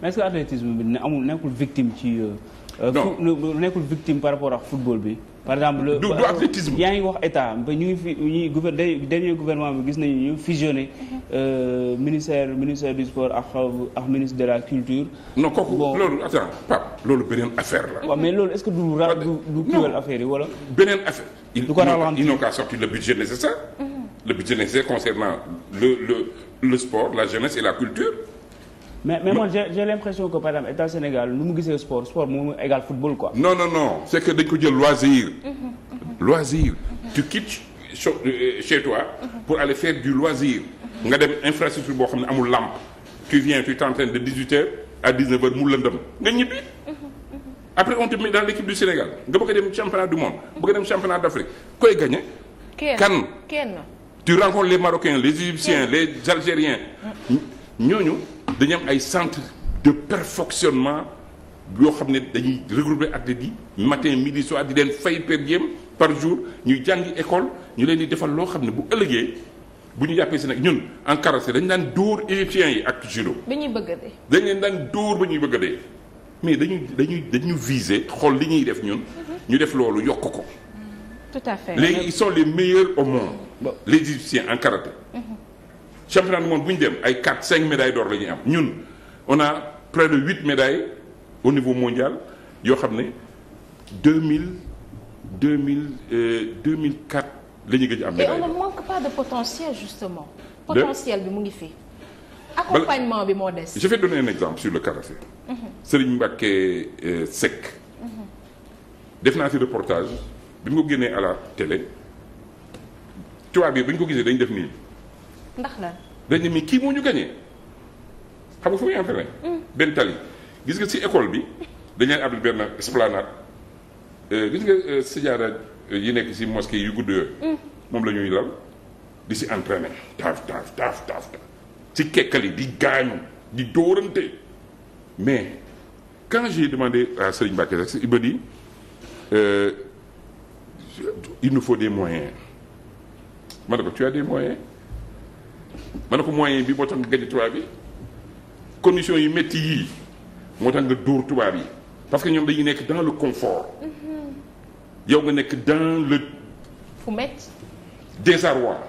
mais est-ce que athlétisme bi ne amul nekkul victime ci. Euh, euh, nekkul victime par rapport ak football bi. par exemple du du euh, athlétisme. yaa ngi wax état ba ñu ngi fi ñuy gouver dernier gouvernement bi gis nañu ñu fusionné mhm. ministère ministère du sport ak ak ministre de la culture. non kooku loolu loolu beneen affaire la. waaw mais loolu est-ce que du ra du du kiiwal affaire yi wala. beneen affaire. du ko ralentir ils n'ont qu'à le budget nécessaire. Mhm. le budget nécessaire concernant le le le sport la jeunesse et la culture. mais mais moi j'ai j'ai l'impression que par exemple état Sénégal nu mu gisee sport sport moom égal football quoi. non non non c'est que dañ ko jël loisir. Mhm. loisir. tu quittes euh, chez toi. pour aller faire du loisir. nga dem infrastructure boo xam ne amul lampe. tu viens tu t'entraînes de 18h à 19h mu lëndëm nga ñibbi. après on te met dans l'équipe du Sénégal nga bëgg dem championnat du monde bëgg a dem championnat d'Afrique koy gagné. kan kenn tu rencontres les Marocains les Égyptiens les Algériens ñooñu. dañu am ay centre de perfectionnement yoo xam ne dañuy regrouper athlètes yi matin midi soir di leen fay per diem par jour ñuy jàngi école ñu leen di defal loo xam ne bu ëllëgee bu ñu jàppee si nag ñun en carrosse dañu daan dóor égyptiens yi ak judo. ba ñuy bëgg a dañ leen daan door ba ñuy bëgg a dee mais dañuy dañuy dañu viser xool li ñuy def ñun. Mhm. ñu def loolu yokk ko. tout à fait léegi ils sont les meilleurs au monde. les égyptiens en karaté. Mhm. championnat du monde bu ñu dem ay quatre 5 médailles d'or la am ñun on a près de 8 médailles au niveau mondial yoo xam ne 2000 2000 2004 la ñu gëj am. médaille mais on ne manque pas de potentiel justement. potentiel bi mu ngi fi. accompagnement bi moo des. je vais donner un exemple sur le karaté. Mhm. Serigne Mbacké euh, Seck. Mhm. def naa ci reportage bi mu ko génnee à la télé tubaab bi bu ko gisee dañ def nii. ndax lan dañ kii moo ñu gagné xam nga fu muy mm. benn tali gis nga si école bi dañ leen abri benn esplanade euh, gis nga euh, sijaada euh, yi nekk si mosquée yu gudd mm. moom lañuy ñuy lal di si entraîné taaf taaf taaf taaf si kekkali di gaañu di dóorante mais quand j'ai demandé à Serigne Mbacké il m'a dit il nous faut des moyens ma ne ko tu as des moyens. ma ne ko moyen bi moo tax nga gagné tubaab yi conditions yu métti yii moo tax nga dóor tubaab yi parce que ñoom dañuy nekk dans le confort mm-hmm. yow nga nekk dans le fu métti désarroi